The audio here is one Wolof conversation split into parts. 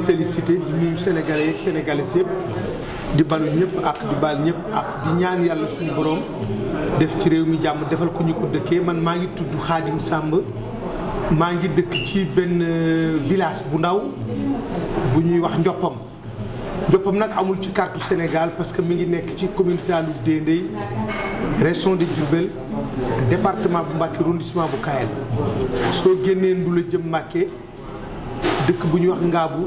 félicité du nuyu sénégalais yeeg sénégalaises yëpp di balu ñëpp ak di bal ñëpp ak di ñaan yàlla suñu borom def ci réew mi jàmm defal ko ñu ko dëkkee man maa ngi tudd Xaadim samb maa ngi dëkk ci benn euh, village bu ndaw bu ñuy wax Njoppam Njoppam nag amul ci carte Sénégal parce que mi ngi nekk ci communauté lu Dendey région de Diourbel département bu Mbacké arrondissement bu Kayel soo génnee ndu la jëm Mbacké dëkk bu ñuy wax Ngaabu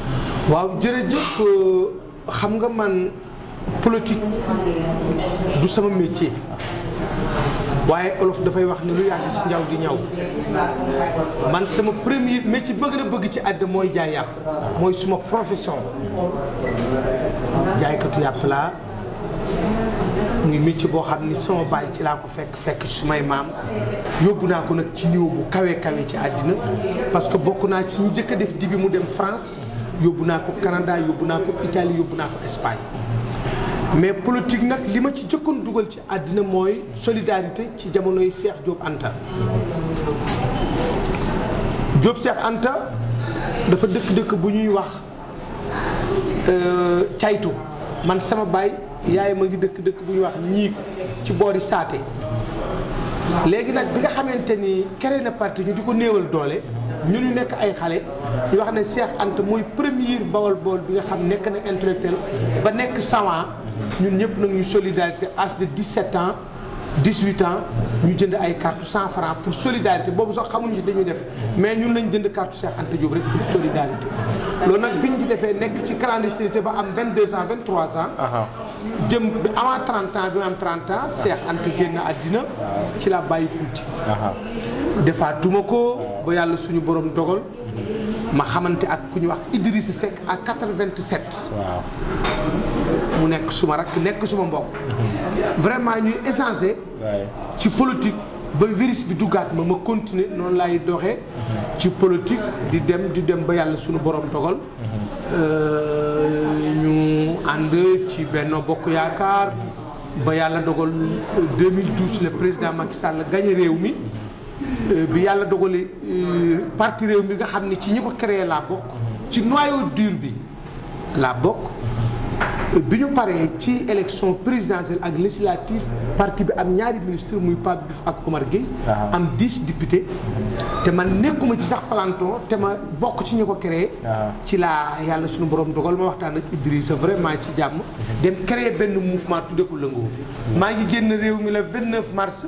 waaw jërëjëf euh, xam nga man politique du sama métier waaye olof dafay wax ni lu yàgg ci njaw di ñaw man sama premier métier bi ma gën bëgg ci àdd mooy jaay mooy suma profession jaaykatu yàpp laa muy métier boo xam ni sama baay ci laa ko fekk fekk ci sumay maam yóbbu naa ko nag ci niveau bu kawee kawe ci àddina parce que bokk naa ci njëkk a def dibi mu dem France yóbbu naa ko Canada yóbbu naa ko Italie yóbbu naa ko Espagne mais politique nag li ma ci jëkkoon dugal ci àddina mooy solidarité ci jamonoy Cheikh Diop Anta Diop Cheikh Anta dafa dëkk-dëkk bu ñuy wax euh, caytu man sama baay yaay ma ngi dëkk-dëkk bu ñuy wax ñiig ci boori saate léegi nag bi nga xamante ni créé na parti ñu di ko néewal doole Nous ñu nekk ay xale Cheikh premier bawol sommes bi nga xam nekk na intellectuel ba savant ñun solidarité de 17 ans 18 ans ñu jënd ay carte 100 francs pour solidarité boobu sax xamuñu ci dañuy def mais ñun lañ jënd carte Cheikh pour solidarité biñ ci ci ba 22 ans 23 ans avant 30 ans 30 ans Cheikh ci la ba yàlla suñu borom dogal ma xamanté ak kuñu wax Idriss Seck à 87 vingt mu nek suma rak nek suma mbokk mm-hmm. vraiment ñuy essencé ci politique ba virus bi duggaat ma ma continuer non lay doxé mm-hmm. ci politique di dem di dem ba yalla suñu borom mm-hmm. euh ñu and ci Benno bokku Yaakaar ba yalla dogal 2012 le président Macky Sall gagné réew mi bi yàlla dogalee euh, parti réew mi nga xam ne ci ñi ko créé la bokk ci noyau dur bi la bokk bi ñu paree ci élection présidentielle ak législative parti bi am ñaari ministre muy Pape Diouf ak Omar Gueye ah. am 10 députés te man nekkuma ci sax planton te ma bokk ci ñi ko créé ah. ci la yàlla suñu borom dogal ma waxtaan ak Idrissa vraiment ci jàmm mm-hmm. dem créé benn mouvement tudde ko lëngoo mm-hmm. maa ngi génn réew mi le 29 mars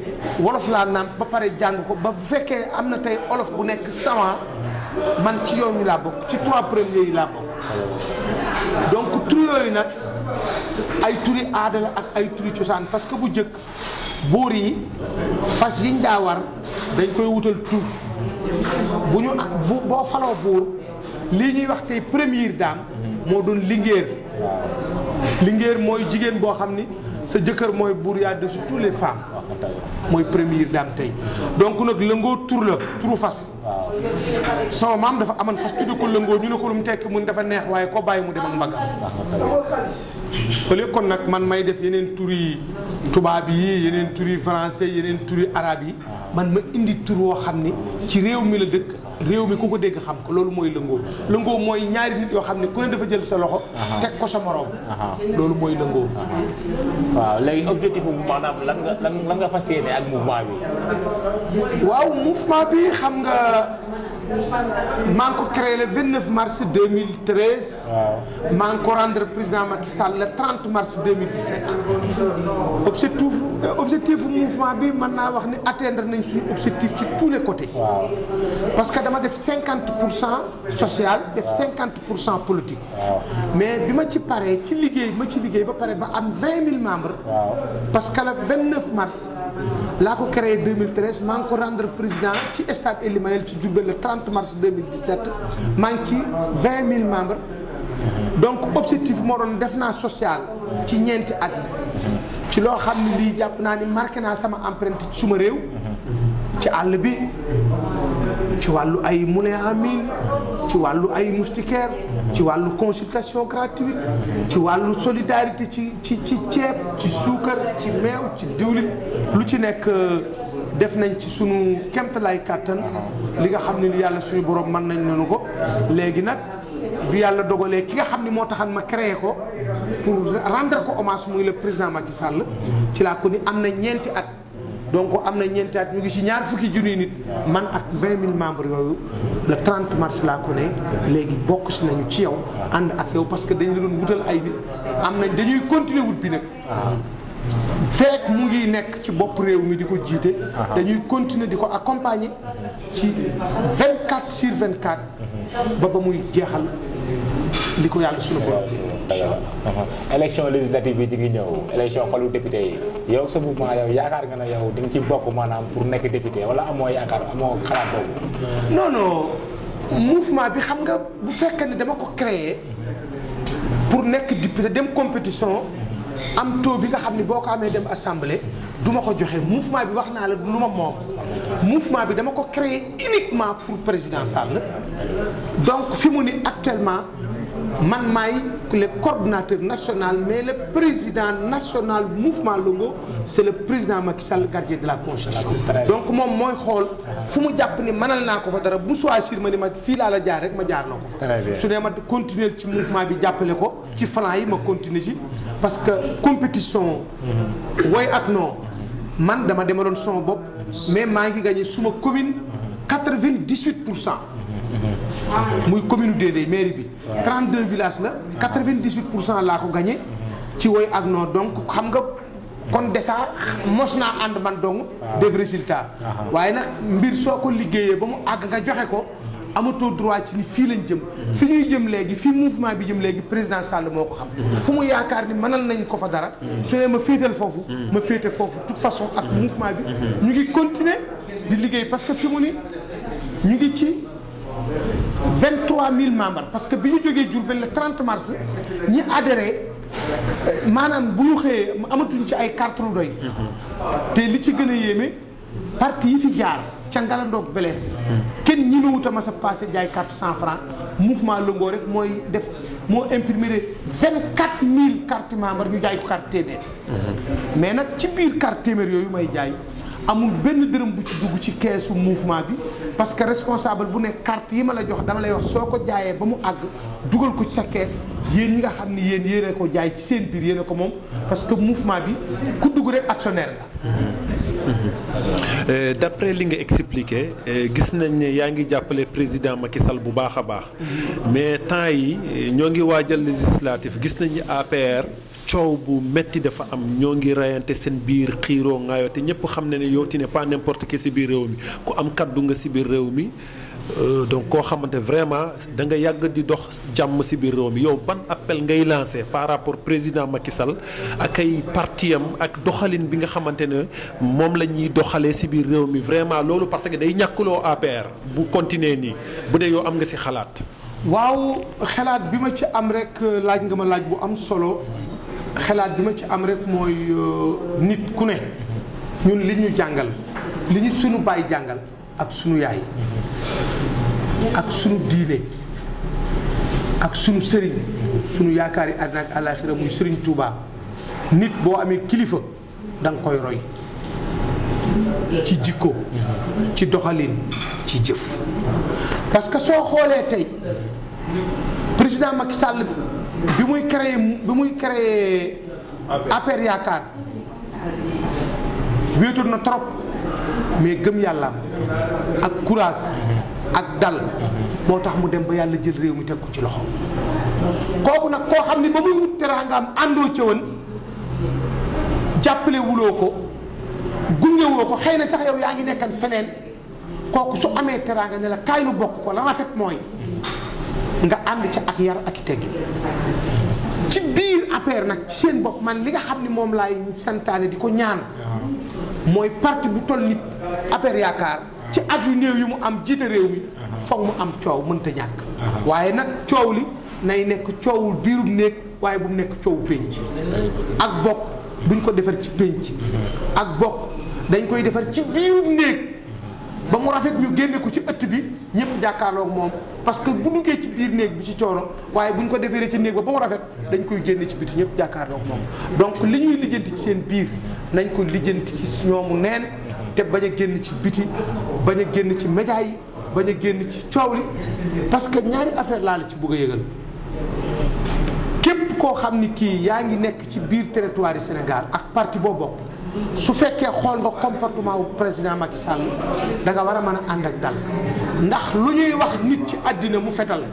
wolof laa naan ba pare jàng ko ba bu fekkee am na tey olof bu nekk sama man ci yoon yooyu laa bokk ci trois premiers yi laa bokk donc tur yooyu nag ay turi aadala ak ay turi cosaan parce que bu jëkk buur yi fas yiñ daa war dañ koy wutal tur bu ñu bu boo faloo buur lii ñuy wax tey première dame moo doon lingéer lingéer mooy jigéen boo xam ni sa jëkkër mooy buur yaa desu tous les femmes mooy première dame tey donc nag lëngoo tur la turu fas sama maam dafa amoon fas tudde ko lëngoo ñu ne ko lu mu tekk mun dafa neex waaye koo bàyyi mu demal ak au lieu kon nag man may def yeneen tur yi tubaab yi yeneen tur yi français yeneen tur araab yi man ma indi tur woo xam ni ci réew mi la dëkk réew mi ku ko dégg xam ko loolu mooy lëngoo lëngoo mooy ñaari nit yoo xam ne ku ne dafa jël sa loxo teg ko sa moroom loolu mooy lëngoo waaw léegi objectif bu maanaam lan nga lan nga fa yéene ak mouvement bi waaw mouvement bi xam nga maa ngi ko créé le 29 mars 2013. waaw maa ngi ko rendre président Macky Sall le 30 mars 2017. objectif euh, objectif mouvement bi mën naa wax ni atteindre nañ suñu objectif ci tous les côtés. waaw parce que dama def 50 pour cent social def 50 pour cent politique. mais bi ma ci pare ci liggéey ma ci liggéey ba pare ba am 20 000 membres. parce que le 29 mars. laa ko créé 2013 maa ngi ko rendre président ci stade Ely Manel ci Diourbel le 30 mars 2017 maa ngi ci 20 000 membres donc objectif moo doon def naa social ci ñeenti at ci loo xam ne lii jàpp naa ni marqué naa sama empreinte suma réew ci àll bi ci wàllu ay moulin à mine ci wàllu ay moustiquaire ci wàllu consultation gratuite ci wàllu solidarité ci ci ci ceeb ci suukar ci meew ci diwlin lu ci nekk euh, def nañ ci suñu sunu kemtalaay kàttan li nga xam ne ni yàlla suñu borom mën nañ nanu ko léegi nag bi yàlla dogalee ki nga xam ni moo taxan ma créé ko pour rendre ko hommage muy le président Macky sàll ci laa ko ni am na ñeenti at donc am na ñeenti at ñu ngi ci ñaar fukki junniy nit man ak 20000 membres yooyu le 30 mars laa ko ne léegi bokk si nañu ci yow ànd ak yow parce que dañ la doon wutal ay nit am na dañuy continuer wut bi nag feek mu ngi nekk ci bopp réew mi di ko jiite dañuy continuer di ko accompagner ci 24 sur 24 ba ba muy jeexal li ko yàlla sunu borom incha allah uh-huh. élection législative yi di ngi ñëw élection falu député yi yow sa mouvement yow yaakaar nga ne yow di nga ci bokk maanaam pour nekk député wala amoo yaakaar amoo xalaat boobu. non non bi xam nga bu fekkee ne dama ko créer pour nekk député dem compétition am taux bi nga xam ne boo ko amee dem assemblée du ma ko joxe mouvement bi wax naa la du lu ma moom mouvement bi dama ko créer uniquement pour président Sall donc fi mu ni actuellement. man suis le coordinateur national mais le président national mouvement logo c'est le président Macky le gardien de la constitution ah, donc mom moy xol fu mu je ni manal nako fa dara ma ni ma la jaar rek ma fa su ma continuer ci mouvement bi ko ci continuer parce que compétition mhm. way ak non man dama demalon son bop mais ngi suma commune 98% des 32 villages la 98 l'a gagné ci donc xam kon man dong ah. def résultat ah. waye nak mbir soko ko liggéeyee ag nga ko droit ci jëm mm-hmm. mouvement bi jëm légui président Sall xam mm-hmm. fu mu ni manal nañ ko fa dara mm-hmm. su ne ma ma toute façon ak mouvement bi ñu ngi continuer di parce que ñu ngi ci mille membres parce que bi ñu jógee Diourbel le 30 mars ñi adhéré euh, maanaam bu ñu xëyee amatuñ ci ay carte lu doy. te li ci gën a yéeme parti yi fi jaar ca ngalandoog belees kenn ñi ma wut a mas a jaay carte cent franc mouvement lëngoo rek mooy def moo imprimé vingt quatre mille carte membre ñu jaay ko carte téeméer mais nag ci biir carte téeméer yooyu may jaay amul benn dërëm bu ci dugg ci keesu mouvement bi parce que responsable bu carte jox dama lay wax que mouvement bi ku rek d'après président Macky Sall mais temps yi euh, ñoo ngi waajal législatif gis nañ APR. coow bu metti dafa am ñoo ngi rayante seen biir xiiroo ngaayoo te ñëpp xam ne ne yow ti ne pas n'importe que si biir réew mi ku am kaddu nga si biir réew mi euh, donc koo xamante vraiment da yàgg di dox jàmm si biir réew mi yow ban appel ngay lancé par rapport président Macky Sall ak ay partiyam ak doxalin bi nga xamante ne moom la ñuy doxalee si biir réew mi vraiment loolu parce que day ñàkkuloo APR bu continuer nii bu dee yow am nga si xalaat. waaw xalaat bi ma ci am rek euh, laaj nga ma laaj bu am solo. xalaat bi ma ci am rek mooy euh, nit ku ne ñun li ñu jàngal li ñu sunu baay jàngal ak suñu yaay ak suñu diine ak sunu sëriñ sunu yaakaari àddina ak àllaaxira muy sëriñ Touba nit boo amee kilifa danga koy roy ci jikko ci doxalin ci jëf parce que soo xoolee tey président Macky Sall bi muy créé bi muy créé APR yaakaar wéetul na trop mais gëm yàlla ak kuraas ak dal moo tax mu dem ba yàlla jël réew mi teg ko ci loxo kooku nag koo xam ne ba muy wut teraangaam àndoo ca woon jàppale ko gunge wuloo ko xëy na sax yow yaa ngi nekkan feneen kooku su amee teraanga ne la kaay lu bokk ko la rafet mooy nga ànd ci ak yar ak teggi ci biir APR nag ci seen bopp man li nga xam ni moom laay santaane di ko ñaan mooy parti bu toll nit APR yaakaar ci at yu néew yu mu am jiite réew mi foog mu am coow mënta ñàkk waaye nag coow li nay nekk coowul biirub néeg waaye bu nekk coow pénc ak bokk duñ ko defar ci pénc ak bokk dañ koy defar ci biirub néeg ba mu rafet ñu génne ko ci ëtt bi ñëpp jàkkaarlook moom parce que bu duggee ci biir néeg bi ci coono waaye bu ñu ko defee ci néeg ba ba mu rafet dañ koy génne ci biti ñëpp jàkkaarloo ak moom donc li ñuy lijjanti ci seen biir nañ ko lijjanti ci ñoomu neen te bañ a génn ci biti bañ a génn ci média yi bañ a génn ci coow li parce que ñaari affaire laal ci bëgg a yëgal képp koo xam ni kii yaa ngi nekk ci biir territoire yu Sénégal ak parti boo bokk su fekkee xool nga comportement wu président Macky Sall da nga war a mën a ànd ak dal ndax lu ñuy wax nit ci àddina mu fetal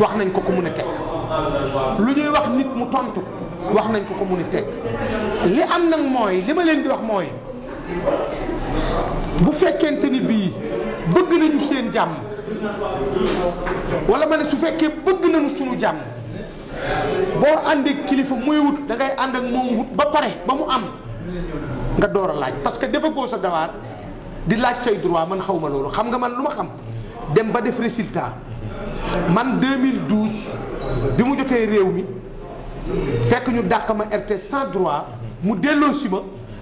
wax nañ ko ko mun a teg lu ñuy wax nit mu tontu wax nañ ko ko mun a teg li am nag mooy li ma leen di wax mooy bu fekkente ni bii bëgg nañu seen jàmm wala ma ne su fekkee bëgg nañu sunu jàmm. boo àndeek kilifa muy wut da ngay ànd ak moom wut ba pare ba mu am nga door a laaj parce que defagoo sa dawaar di laaj say droit man xaw ma loolu xam nga man lu ma xam dem ba def résultat man 2012 bi mu jotee réew mi fekk ñu dàq ma RTS sans droit mu delloo si ma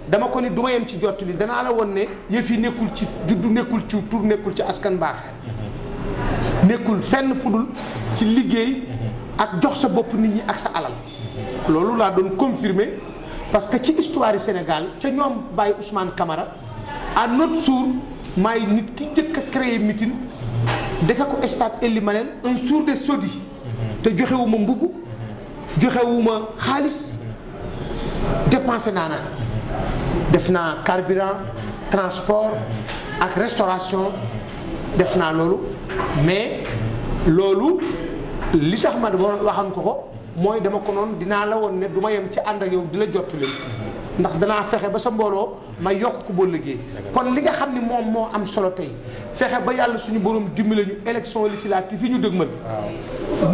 dama ko ni du ma ci jot li danaa la woon ne yëf yi nekkul ci juddu nekkul ci tur nekkul ci askan baaxee nekkul fenn fudul ci liggéey. ak jox sa confirmé nit ñi ak sa parce que ci histoire Sénégal créé Baye Ousmane Camara à nit a meeting stade a un sourd de sodi te joxewuma joxewuma def na carburant transport ak restauration def na mais lolu li tax ma waxan ko ko mooy dama ko noonu dinaa la woon ne du ma yem ci ànd ak yow di la jottali ndax danaa fexe ba sa mbooloo ma yokk ko boo liggéey kon li nga xam ne moom moo am solo tey fexe ba yàlla suñu borom dimbali ñu élection législative yi ñu dëgmal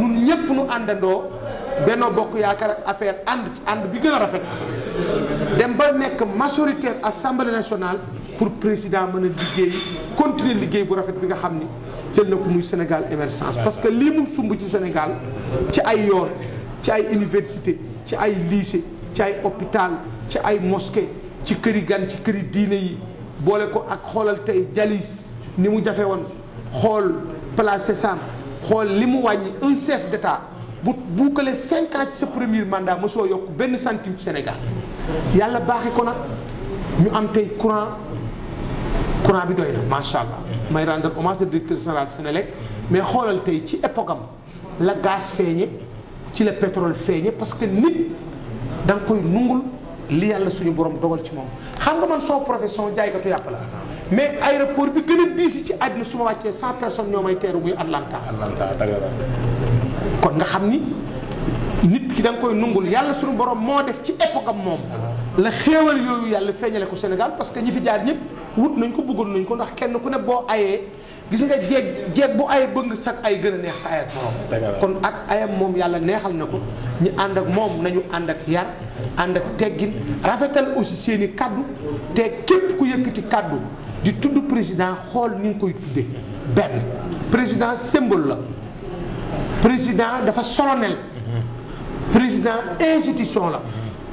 nun ñëpp nu àndandoo bennoo Bokk yaakar ak APR ànd ci ànd bi gën a rafet dem ba nekk majoritaire assemblée national pour président mën a liggéey continuer liggéey bu rafet bi nga xam ni cël na ko muy Sénégal émergence parce que lii mu sumb ci Sénégal ci ay yoon ci ay université ci ay lycée ci ay hôpital ci ay mosquée ci këri gan ci këri diine yi boole ko ak xoolal tey jalis ni mu jafe woon xool place Sésame xool li mu wàññi un chef d'état bu buukale cinq ans ci sa premier mandat mosoo yokk benn centime ci Sénégal yàlla baaxe ko nag ñu am tey courant courant bi doy na macha allah may rendre hommage de directeur général Sénélec mais xoolal tey ci époque am la gaz feeñe ci la pétrole feeñe parce que nit da koy nungul li yàlla suñu borom dogal ci moom xam nga man soo profession jaaykatu yàpp la mais aéroport bi gën a diisi ci àddina su ma wàccee cent personnes ñoo may teeru muy Atlanta kon nga xam ni nit ki da koy nungul yàlla suñu borom moo def ci époque am moom la xéewal yooyu yàlla feeñale ko Sénégal parce que ñi fi jaar ñëpp wut nañ ko bëggoon nañ ko ndax kenn ku ne boo ayee gis nga jeeg jeeg bu ay bëgg sax ay gën a neex sa ay ak kon ak ayam moom yàlla neexal na ko ñu ànd ak moom nañu ànd ak yar ànd ak teggin rafetal aussi seen i kaddu te képp ku yëkkati kàddu di tudd président xool ni nga koy tudde benn président symbole la président dafa solonel mhm. président institution la mhm.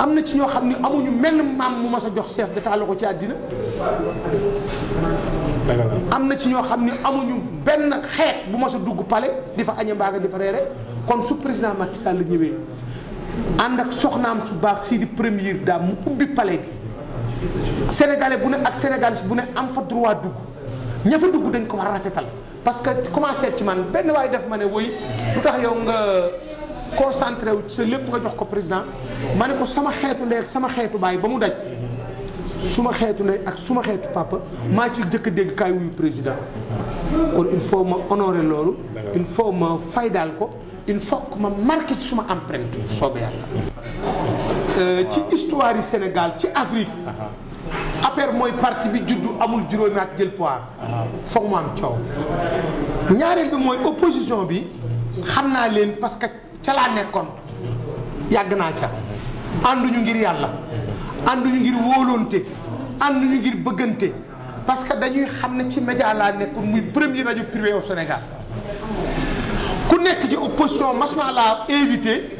am na ci ñoo xam ne amuñu menn maam mu mas a jox chef d'état la ko ci àddina am na ci ñoo xam ne amuñu benn xeet bu mas a dugg pale di fa añe mbaaga di fa reere kon su président Macky Sall la ñëwee ànd ak soxnaam su baax sii di première dame mu ubbi palais bi sénégalais bu ne ak sénégalais bu ne am fa droit dugg ña dugg dañ ko war a rafetal parce que commencé ci man benn waaye def ma ne woy lu tax yow nga concentré wu sa lépp nga jox ko président ma ne ko sama xeetu ndey ak sama xeetu baay ba mu daj suma xeetu ndey ak suma xeetu papa maa ci jëkk dégg kaay wuyu président kon il faut ma honorer loolu il faut ma faydaal ko il faut que ma marqué ci suma empreinte soobee yàlla euh, ci histoire yi Sénégal ci Afrique APR mooy parti bi juddu amul juróomi at jël pouvoir foog mu am coow ñaareel bi mooy opposition bi xam naa leen parce que ca laa nekkoon yàgg naa ca ànduñu ngir yàlla ànduñu ngir wóoloonte ànduñu ngir bëggante parce que dañuy xam ne ci média laa nekkoon muy premier rajo privé au Sénégal ku nekk ci opposition mas naa laa invité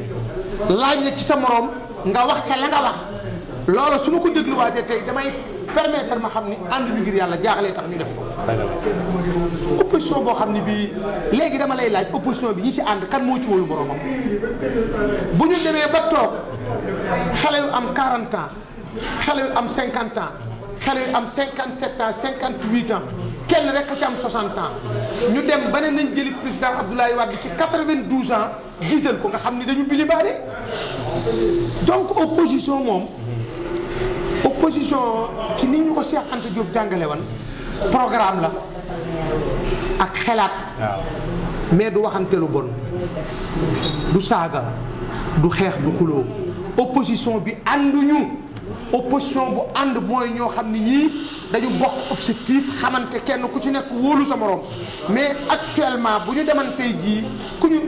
laaj la ci sa moroom nga wax ca la nga wax loolu su ma ko dégluwaatee tey damay permettre ma xamni and ànd bi ngir yàlla jaaxlee tax ñu def ko. opposition bo xamni bi légui dama lay laaj opposition bi yi ci and kan mo ci wóolu boroomam bu ñu demee ba toog xalé yu am 40 ans xalé yu am 50 ans xalé yu am 57 ans 58 ans. kenn rek a ci am 60 ans ñu dem ba ne nañ jëli président Abdoulaye Wade ci 92 ans jiital ko nga xamni ni dañu bilibaane donc opposition mom position ci ni ñu ko Cheikh Anta Diop jàngale woon programme la ak xelaat mais du waxante lu bon du saaga du xeex du xuloo opposition bi ànduñu opposition bu ànd mooy ñoo xam ne ñii dañu bokk objectif xamante kenn ku ci nekk wóolu sa morom mais actuellement bu ñu demantey jii ku ñu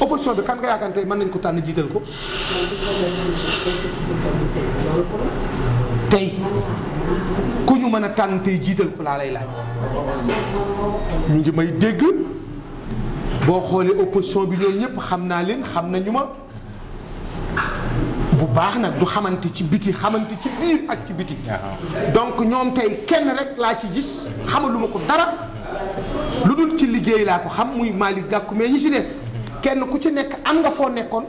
opposition bi kan nga yaakaar mën nañ ko tànn jiital ko tey ku ñu mën a tànn tey jiital ko laa lay laaj ñu ngi may dégg boo xoolee opposition bi ñoom ñépp xam naa leen xam nañu ma bu baax nag du xamante ci biti xamante ci biir ak ci biti donc ñoom tey kenn rek laa ci gis xamaluma ko dara lu dul ci liggéey laa ko xam muy Malick gàkku mais ñi ci des kenn ku ci nekk am nga foo nekkoon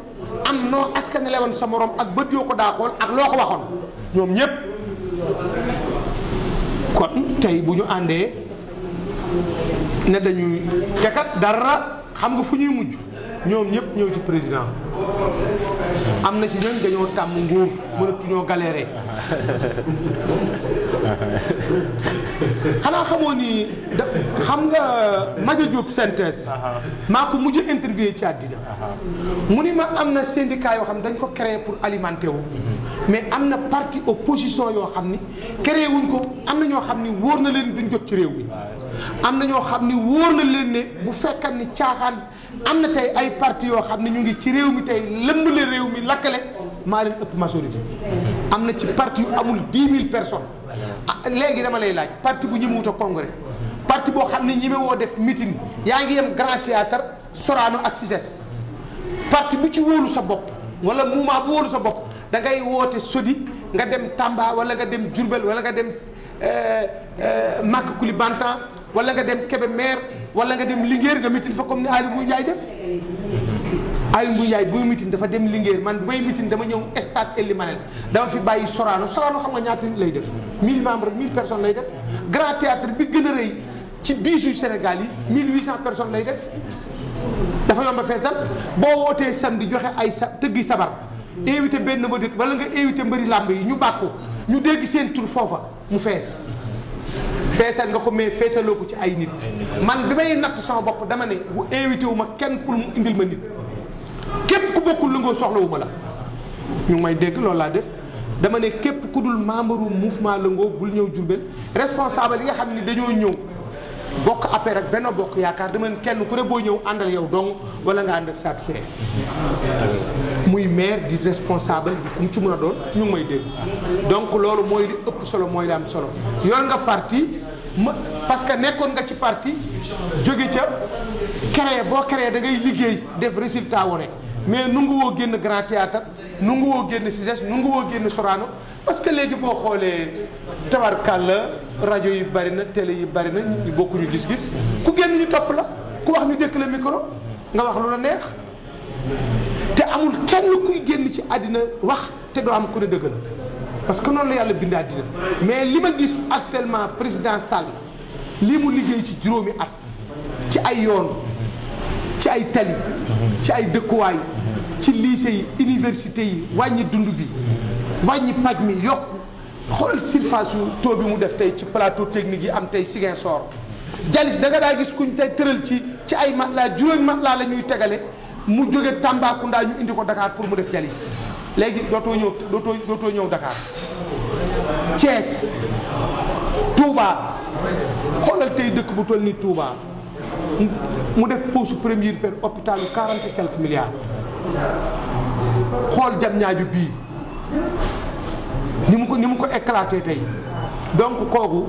am noo askan lewoon sa morom ak bët yoo ko daa xool ak loo ko waxoon ñoom ñëpp kon tey bu ñu àndee ne dañuy tekat dara xam nga fu ñuy mujj ñoom ñëpp ñëw ci président am na si ñoom dañoo tàmm nguur mënatuñoo galérer xanaa xamoo ni da xam nga Madia Diop synthèse maa ko mujj interviewé ci àddina mu ni ma am na syndicat yoo xam ne dañ ko créé pour alimenter wu mais am na parti opposition yoo xam ni créé wuñ ko am na ñoo xam ni wóor na leen duñ jot ci réew mi am na ñoo xam ni wóor na leen ne bu fekkan ni caaxaan am na tey ay parti yoo xam ne ñu ngi ci réew mi tey lëmb le réew mi lakkale maa leen ëpp majorité am na ci parti yu amul dix mille personnes ah, léegi dama lay laaj parti bu ñemewut a congrès parti boo xam ne woo def meeting yaa ngi yem grand théâtre Sorano ak Cissés parti bu ci wóolu sa bopp wala mouvement bu wóolu sa bopp da ngay woote sodi nga dem Tamba wala nga dem Diourbel wala nga dem euh, euh, Maka Koulibantang wala nga dem Kébémer wala nga dem Linguère nga mitin fa comme ni Aly Ngouille Ndiaye def Aly Ngouille Ndiaye bu mitin dafa dem Linguère man bu may mitin dama ñëw stade Ely Manel dama fi bàyyi Sorano Sorano xam nga ñaata nit lay def 1000 membre 1000 personnes lay def grand théâtre bi gën a rëy ci biisu Sénégal yi mille 1800 personnes lay def dafa yomb a feesal boo wootee di joxe ay sa tëggi sabar invité benn vedette wala nga invité mbëri làmb yi ñu bàkku ñu dégg seen foofa mu fees feesal nga ko mais feesaloo ko ci ay nit man bi may natt sama bopp dama ne bu invité wu ma kenn pour mu indil ma nit képp ku bokkul lu nga soxlawu ma la ñu ngi may dégg loolu laa def dama ne képp ku dul membre wu mouvement lëngoo bul ñëw Jurbel responsable yi nga xam ne dañoo ñëw bokk APR ak benn bokk yaakaar dama ne kenn ku ne boo ñëw àndal yow dong wala nga ànd ak saatu fee muy maire di responsable bi ku ci mën a doon ñu may dégg donc loolu mooy li ëpp solo mooy li solo ma parce que nekkoon nga ci parti jóge ca créé boo créé da ngay liggéey def résultat wane mais nu génn grand théâtre nu génn CICES nu ngu génn Sorano parce que léegi boo xoolee tabarkàlla rajo yi bari na télé yi bari na ñu bokkuñu gis-gis ku génn ñu topp la ku wax ñu dëkk la micro nga wax lu la neex te amul kenn kuy génn ci àddina wax te doo am ku ne dëgg la parce que noonu la yàlla bindaa àddina mais li ma gis actuellement président Sall lii mu liggéey ci juróomi at ci ay yoon ci ay tali ci ay dëkkuwaay ci lycée yi université yi wàññi dund bi wàññi paj mi yokk xoolal surface yu bi mu def tey ci plateau technique yi am tey Ziguinchor jalis da nga daa gis kuñ tey tëral ci ci ay matelas juróomi matelas la ñuy tegale mu jóge Tambacounda ñu indi ko Dakar pour mu def jalis léegi dootoo ñëw dootoo dootoo ñëw Dakar Thiès Touba xoolal tey dëkk bu toll ni Touba mu def pause première per hôpital yu quarante et quelques milliards xool jam ñaaju bii ni mu ko ni mu ko éclaté tey donc kooku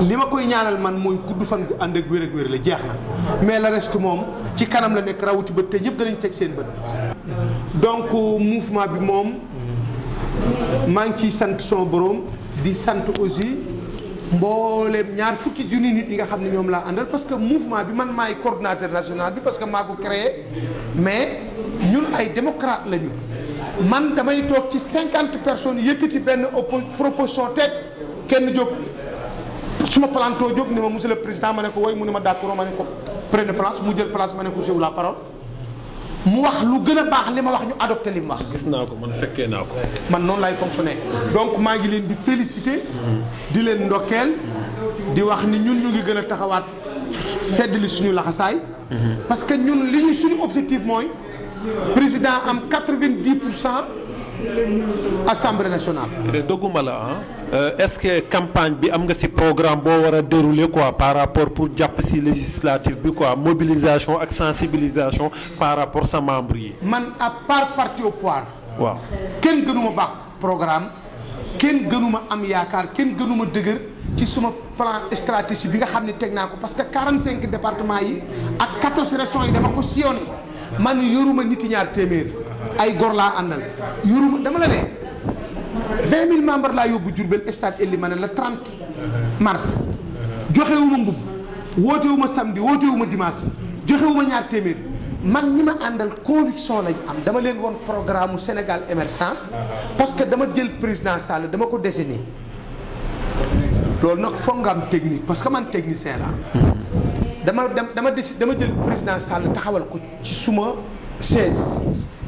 li ma koy ñaanal man mooy gudd fan gu ànd ak wér ak wér la jeex na mais la reste moom ci kanam la nekk rawati bët te ñëpp danañ teg seen bët donc euh, mouvement bi moom maa ngi ciy sant son borom di sant aussi mbooleem ñaar fukki junni nit yi nga xam ne ñoom laa àndal parce que mouvement bi man maay coordinateur national bi parce que maa ko créé mais ñun ay démocrate lañu man damay toog ci cinquante personnes yëkkati benn proposition teg kenn jóg su ma plantoo jóg ne ma monsieur le président ma ne ko woy mu ne ma d'accord ma ne ko prenez place mu jël place ma ne ko c'est la parole mu wax lu gën a baax li ma wax ñu adopté li mu wax. gis naa ko man fekkee naa ko. man noonu lay fonctionné donc maa ngi leen di félicité. di leen ndokkeel. di wax ni ñun ñu ngi gën a taxawaat feddali suñu laxasaay. parce que ñun li ñu suñu objectif mooy président am quatre-vingt-dix pour cent. assemblée nationale. Eh, dogguma la ah est-ce que campagne bi am nga ci programme bo wara dérouler quoi par rapport pour japp ci législatif bi quoi mobilisation ak sensibilisation par rapport sa membre yi. man à part parti au pouvoir. waaw kenn gënuma bax programme ken gënuma am yaakaar ken gënuma dëgër ci suma plan stratégique bi nga xamni tek nako parce que 45 départements yi ak 14 régions yi dama ko sillonné man yoruma nit ñaar témèr ay gor laa àndal yuruma dama la ne vingt mille membres laa yóbbu Jurbel stade Ely Mané la trente mars joxewuma mbubb wootewuma samedi wootewuma dimanche joxewuma ñaar téeméer man ñi ma àndal conviction lañ am dama leen woon programme Sénégal émergence parce que dama jël président Sall dama ko dessiné loolu nag foog nga am technique parce que man technicien la dama dama dama jël président Sall taxawal ko ci suma 16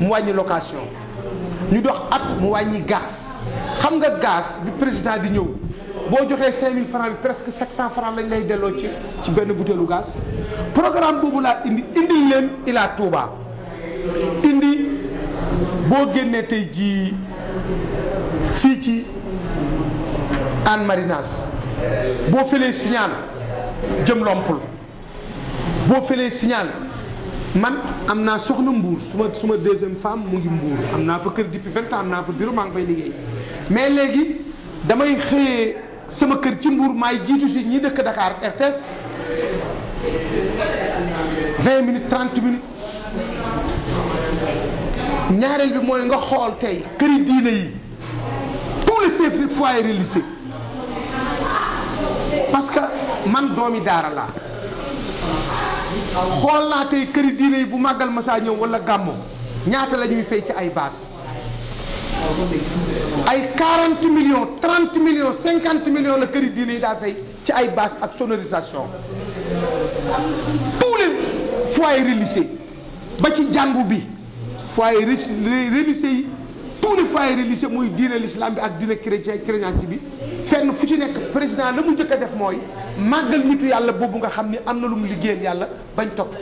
mu wàññi location ñu dox at mu wàññi gaz xam nga gaz bi président di ñëw boo joxee 5000 francs bi presque 700 francs lañ lay delloo ci ci benn butéelu gaz programme boobu laa indi indil leen laa Touba indi boo génnee tey jii fii ci Hann Marinas boo fëlee signal jëm Lompul boo fëlee signal. man am naa soxna mbuur su ma su deuxième femme mu ngi mbuur am naa fa kër depuis vingt ans am naa fa bureau maa ngi fay liggéey mais léegi damay xëyee sama kër ci mbuur maay jiitu si ñi dëkk dakaar RTS vingt minutes trente minutes ñaareel bi mooy nga xool tey këri diine yi tous les chefs foyers religieux parce que man doomi daara laa xool naa tey këri diine yi bu màggal ma saa ñëw wala gàmmo ñaata la ñuy fay ci ay baas ay 40 million 30 million 50 million la këri diine yi daa fay ci ay baas ak sonorisation tous les foyers ba ci jàngu bi foyer religieux yi tous les foyers religieux muy diine l'islam bi ak diine chrétien chrétien bi fenn fu ci nekk président la mu njëkk a def mooy màggal nitu yàlla boobu nga xam ni am na lu mu liggéeyal yàlla bañ topp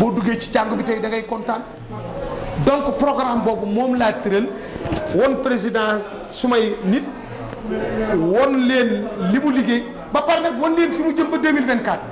boo duggee ci jàng bi tey da ngay kontaan donc programme boobu moom laa tëral won président su may nit won leen li mu liggéey ba pare nag won leen fi mu jëm ba 2024